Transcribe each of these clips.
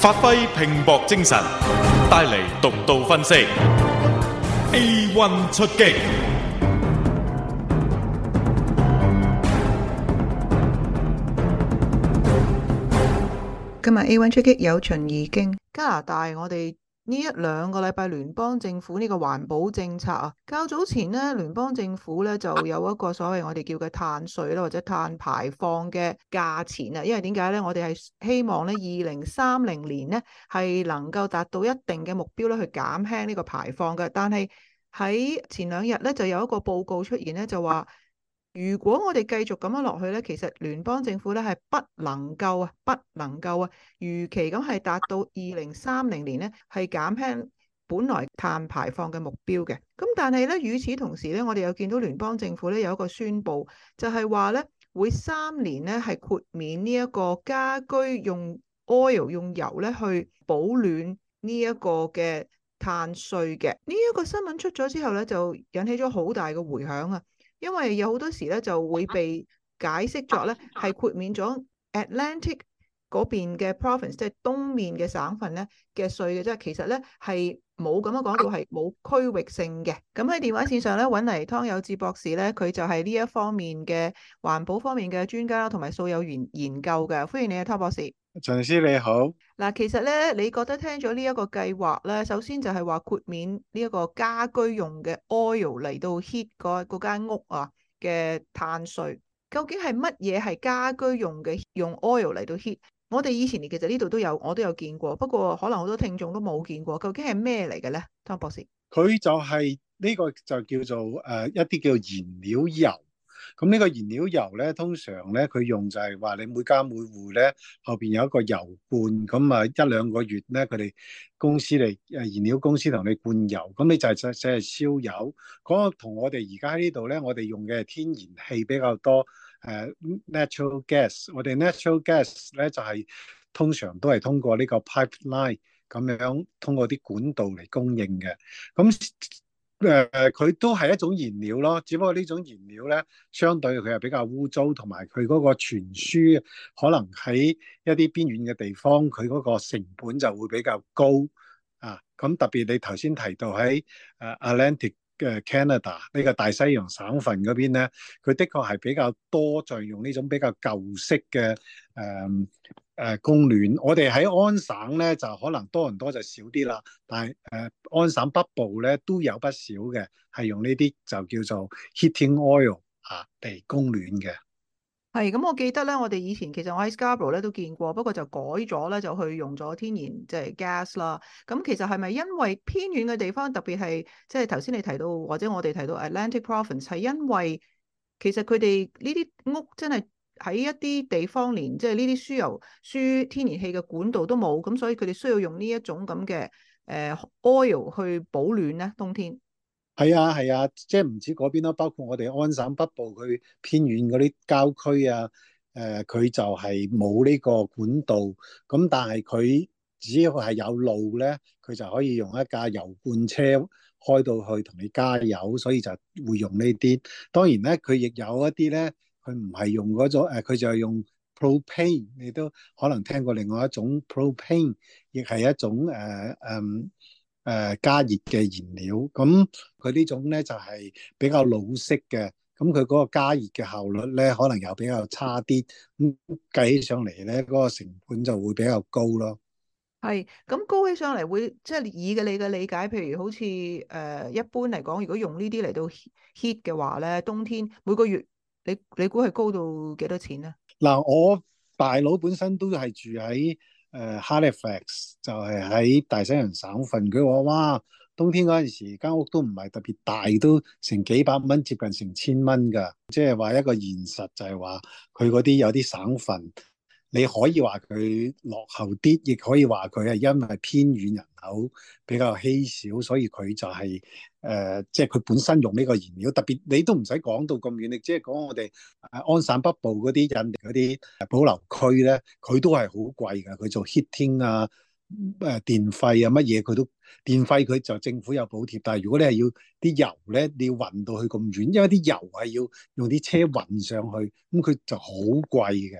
發揮拼搏精神，帶嚟獨到分析。A1 出擊，今日 A1 出擊有秦怡經加拿大，我哋。呢一兩個禮拜，聯邦政府呢個環保政策啊，較早前咧，聯邦政府咧就有一個所謂我哋叫嘅碳稅啦，或者碳排放嘅價錢啊。因為點解咧？我哋係希望咧，二零三零年咧係能夠達到一定嘅目標咧，去減輕呢個排放嘅。但係喺前兩日咧，就有一個報告出現咧，就話，如果我哋繼續咁樣落去咧，其實聯邦政府咧係不能夠啊，不能夠啊，如期咁係達到二零三零年咧係減輕本來碳排放嘅目標嘅。咁但係咧，與此同時咧，我哋又見到聯邦政府咧有一個宣布，就係話咧會三年咧係豁免呢一個家居用 oil 用油咧去保暖呢一個嘅碳稅嘅。呢一個新聞出咗之後咧，就引起咗好大嘅回響啊！因為有好多時咧就會被解釋作咧係豁免咗 Atlantic 嗰邊嘅 province，即係東面嘅省份咧嘅稅嘅，即係其實咧係冇咁樣講到係冇區域性嘅。咁喺電話線上咧揾嚟湯友智博士咧，佢就係呢一方面嘅環保方面嘅專家同埋素有研研究嘅。歡迎你啊，湯博士。陳師你好，嗱，其實咧，你覺得聽咗呢一個計劃咧，首先就係話豁免呢一個家居用嘅 oil 嚟到 heat 嗰間屋啊嘅碳稅，究竟係乜嘢係家居用嘅用 oil 嚟到 heat？我哋以前其實呢度都有，我都有見過，不過可能好多聽眾都冇見過，究竟係咩嚟嘅咧，湯博士？佢就係呢個就叫做誒一啲叫燃料油。咁呢個燃料油咧，通常咧佢用就係話你每家每戶咧後邊有一個油罐，咁啊一兩個月咧佢哋公司嚟，誒燃料公司同你灌油，咁你就係就係燒油。嗰個同我哋而家喺呢度咧，我哋用嘅係天然氣比較多，誒、uh, natural gas。我哋 natural gas 咧就係通常都係通過呢個 pipeline 咁樣通過啲管道嚟供應嘅。咁誒、呃、佢都係一種燃料咯，只不過呢種燃料咧，相對佢係比較污糟，同埋佢嗰個傳輸可能喺一啲邊遠嘅地方，佢嗰個成本就會比較高啊。咁特別你頭先提到喺誒 Atlantic 嘅 Canada 呢個大西洋省份嗰邊咧，佢的確係比較多再用呢種比較舊式嘅誒。呃誒供暖，我哋喺安省咧就可能多唔多就少啲啦，但係誒安省北部咧都有不少嘅，係用呢啲就叫做 heating oil 嚇嚟供暖嘅。係，咁我記得咧，我哋以前其實我喺 Scarborough 咧都見過，不過就改咗咧，就去用咗天然即係、就是、gas 啦。咁其實係咪因為偏遠嘅地方，特別係即係頭先你提到，或者我哋提到 Atlantic Province，係因為其實佢哋呢啲屋真係？喺一啲地方，連即係呢啲輸油、輸天然氣嘅管道都冇，咁所以佢哋需要用呢一種咁嘅誒 oil 去保暖咧，冬天。係啊，係啊，即係唔止嗰邊咯，包括我哋安省北部佢偏遠嗰啲郊區啊，誒、呃、佢就係冇呢個管道，咁但係佢只要係有路咧，佢就可以用一架油罐車開到去同你加油，所以就會用呢啲。當然咧，佢亦有一啲咧。佢唔係用嗰種誒，佢就係用 propane。你都可能聽過另外一種 propane，亦係一種誒誒誒加熱嘅燃料。咁、嗯、佢呢種咧就係、是、比較老式嘅，咁佢嗰個加熱嘅效率咧可能又比較差啲。咁、嗯、計起上嚟咧，嗰、那個成本就會比較高咯。係，咁高起上嚟會即係、就是、以嘅你嘅理解，譬如好似誒、呃、一般嚟講，如果用呢啲嚟到 heat 嘅話咧，冬天每個月。你你估係高到幾多錢咧？嗱，我大佬本身都係住喺誒、呃、Halifax，就係喺大西洋省份。佢話哇，冬天嗰陣時間屋都唔係特別大，都成幾百蚊，接近成千蚊噶。即係話一個現實就係話，佢嗰啲有啲省份。你可以話佢落後啲，亦可以話佢係因為偏遠人口比較稀少，所以佢就係，誒，即係佢本身用呢個燃料。特別你都唔使講到咁遠，你即係講我哋安省北部嗰啲印嗰啲保留區咧，佢都係好貴嘅。佢做 heating 啊，誒電費啊乜嘢佢都電費，佢就政府有補貼，但係如果你係要啲油咧，你要運到去咁遠，因為啲油係要用啲車運上去，咁佢就好貴嘅。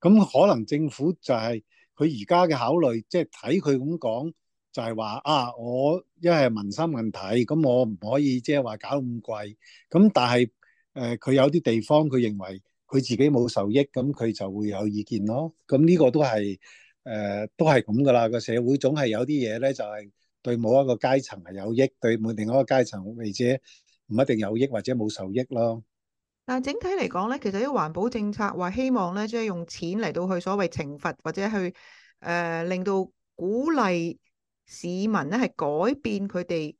咁可能政府就係佢而家嘅考慮，即係睇佢咁講，就係、是、話啊，我因為民生問題，咁我唔可以即係話搞咁貴。咁但係誒，佢、呃、有啲地方佢認為佢自己冇受益，咁佢就會有意見咯。咁呢個都係誒、呃，都係咁噶啦。個社會總係有啲嘢咧，就係對某一個階層係有益，對某另一個階層或者唔一定有益或者冇受益咯。但整體嚟講咧，其實啲環保政策話希望咧，即係用錢嚟到去所謂懲罰或者去誒、呃、令到鼓勵市民咧係改變佢哋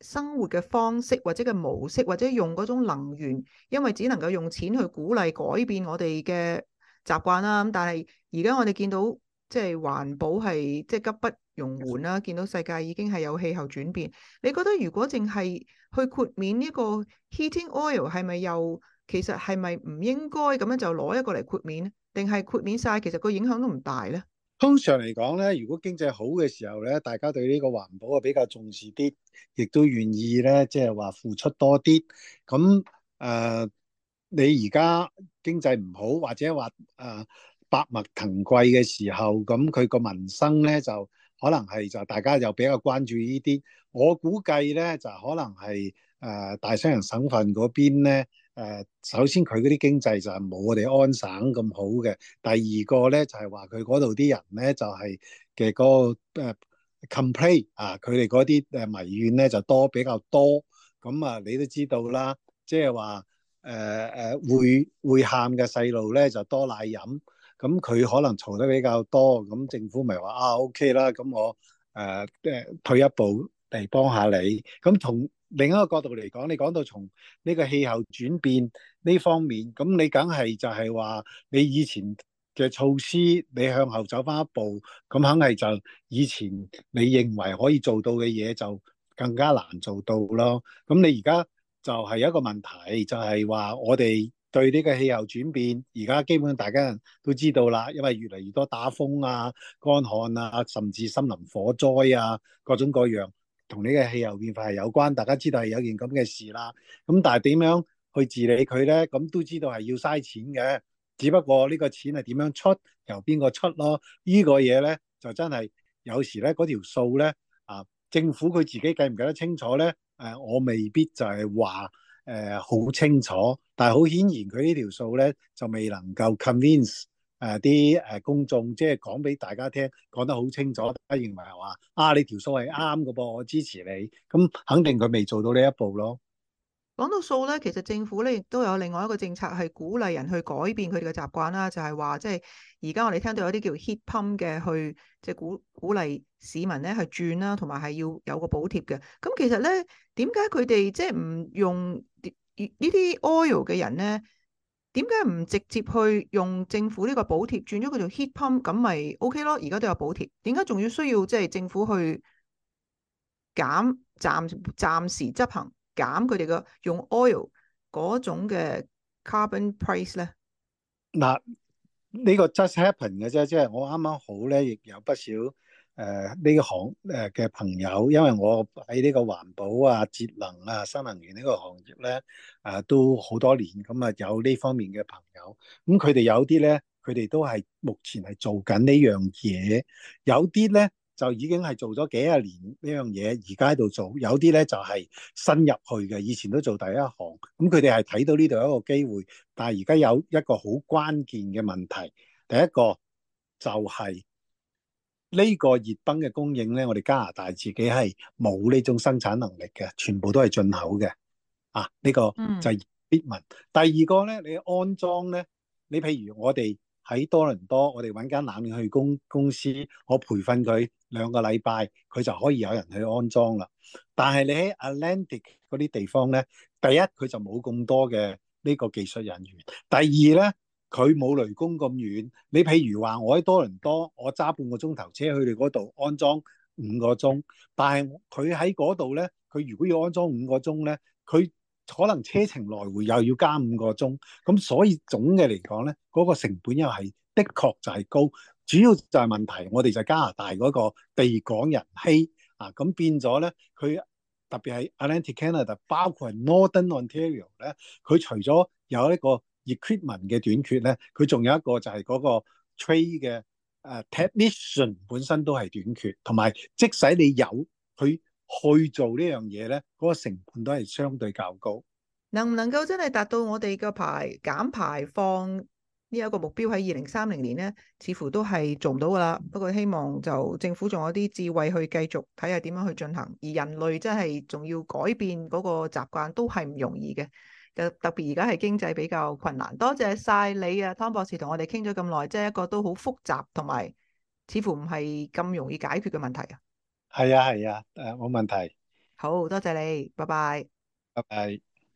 生活嘅方式或者嘅模式或者用嗰種能源，因為只能夠用錢去鼓勵改變我哋嘅習慣啦。咁但係而家我哋見到。即係環保係即係急不容緩啦！見到世界已經係有氣候轉變，你覺得如果淨係去豁免呢個 heating oil 係咪又其實係咪唔應該咁樣就攞一個嚟豁免，定係豁免晒？其實，是不是不個，其實個影響都唔大咧？通常嚟講咧，如果經濟好嘅時候咧，大家對呢個環保啊比較重視啲，亦都願意咧即係話付出多啲。咁誒，呃，你而家經濟唔好或者話誒，呃百物騰貴嘅時候，咁佢個民生咧就可能係就大家又比較關注呢啲。我估計咧就可能係誒、呃、大西洋省份嗰邊咧誒、呃，首先佢嗰啲經濟就係冇我哋安省咁好嘅。第二個咧就係話佢嗰度啲人咧就係嘅嗰個誒 complain 啊，佢哋嗰啲誒埋怨咧就多比較多。咁啊，你都知道啦，即係話誒誒會會喊嘅細路咧就多奶飲。咁佢可能嘈得比較多，咁政府咪話啊 OK 啦，咁我誒、呃、退一步嚟幫下你。咁從另一個角度嚟講，你講到從呢個氣候轉變呢方面，咁你梗係就係話，你以前嘅措施，你向後走翻一步，咁肯定就以前你認為可以做到嘅嘢，就更加難做到咯。咁你而家就係一個問題，就係話，我哋。對呢個氣候轉變，而家基本上大家都知道啦，因為越嚟越多打風啊、乾旱啊，甚至森林火災啊，各種各樣同呢個氣候變化係有關。大家知道係有件咁嘅事啦。咁但係點樣去治理佢咧？咁都知道係要嘥錢嘅，只不過呢個錢係點樣出，由邊個出咯？這個、東西呢個嘢咧就真係有時咧嗰條數咧啊，政府佢自己計唔計得清楚咧？誒，我未必就係話。誒、呃，好清楚，但係好顯然佢呢條數咧就未能夠 convince 誒啲誒公眾，即係講俾大家聽，講得好清楚，大家認為係話啊，你條數係啱嘅噃，我支持你，咁肯定佢未做到呢一步咯。講到數咧，其實政府咧亦都有另外一個政策係鼓勵人去改變佢哋嘅習慣啦，就係話即係而家我哋聽到有啲叫 heat pump 嘅去即係、就是、鼓鼓勵市民咧去轉啦，同埋係要有個補貼嘅。咁其實咧。點解佢哋即係唔用呢啲 oil 嘅人咧？點解唔直接去用政府呢個補貼轉咗佢做 heat pump 咁咪 OK 咯？而家都有補貼，點解仲要需要即係、就是、政府去減暫暫時執行減佢哋個用 oil 嗰種嘅 carbon price 咧？嗱，這個就是、剛剛呢個 just happen 嘅啫，即係我啱啱好咧，亦有不少。誒、呃、呢、這個、行誒嘅、呃、朋友，因為我喺呢個環保啊、節能啊、新能源呢個行業咧，誒、呃、都好多年，咁、嗯、啊有呢方面嘅朋友，咁佢哋有啲咧，佢哋都係目前係做緊呢樣嘢，有啲咧就已經係做咗幾廿年呢樣嘢，而家喺度做，有啲咧就係、是、新入去嘅，以前都做第一行，咁佢哋係睇到呢度有一個機會，但係而家有一個好關鍵嘅問題，第一個就係、是。呢個熱泵嘅供應咧，我哋加拿大自己係冇呢種生產能力嘅，全部都係進口嘅。啊，呢個就係必問。第二個咧，你安裝咧，你譬如我哋喺多倫多，我哋揾間冷氣公公司，我培訓佢兩個禮拜，佢就可以有人去安裝啦。但係你喺 Atlantic 嗰啲地方咧，第一佢就冇咁多嘅呢個技術人員，第二咧。佢冇雷公咁遠，你譬如話我喺多倫多，我揸半個鐘頭車去你嗰度安裝五個鐘，但係佢喺嗰度咧，佢如果要安裝五個鐘咧，佢可能車程來回又要加五個鐘，咁所以總嘅嚟講咧，嗰個成本又係的確就係高，主要就係問題，我哋就加拿大嗰個地港人稀啊，咁變咗咧，佢特別係 Atlantic Canada，包括係 Northern Ontario 咧，佢除咗有一個 equipment 嘅短缺咧，佢仲有一個就係嗰個 trade 嘅誒，technician 本身都係短缺，同埋即使你有，去去做這件事呢樣嘢咧，嗰個成本都係相對較高。能唔能夠真係達到我哋嘅排減排放呢一個目標喺二零三零年咧，似乎都係做唔到噶啦。不過希望就政府仲有啲智慧去繼續睇下點樣去進行，而人類真係仲要改變嗰個習慣都係唔容易嘅。特別而家係經濟比較困難，多謝晒你啊，湯博士同我哋傾咗咁耐，即係一個都好複雜同埋似乎唔係咁容易解決嘅問題啊。係啊係啊，誒冇問題。好多謝你，拜拜。拜拜。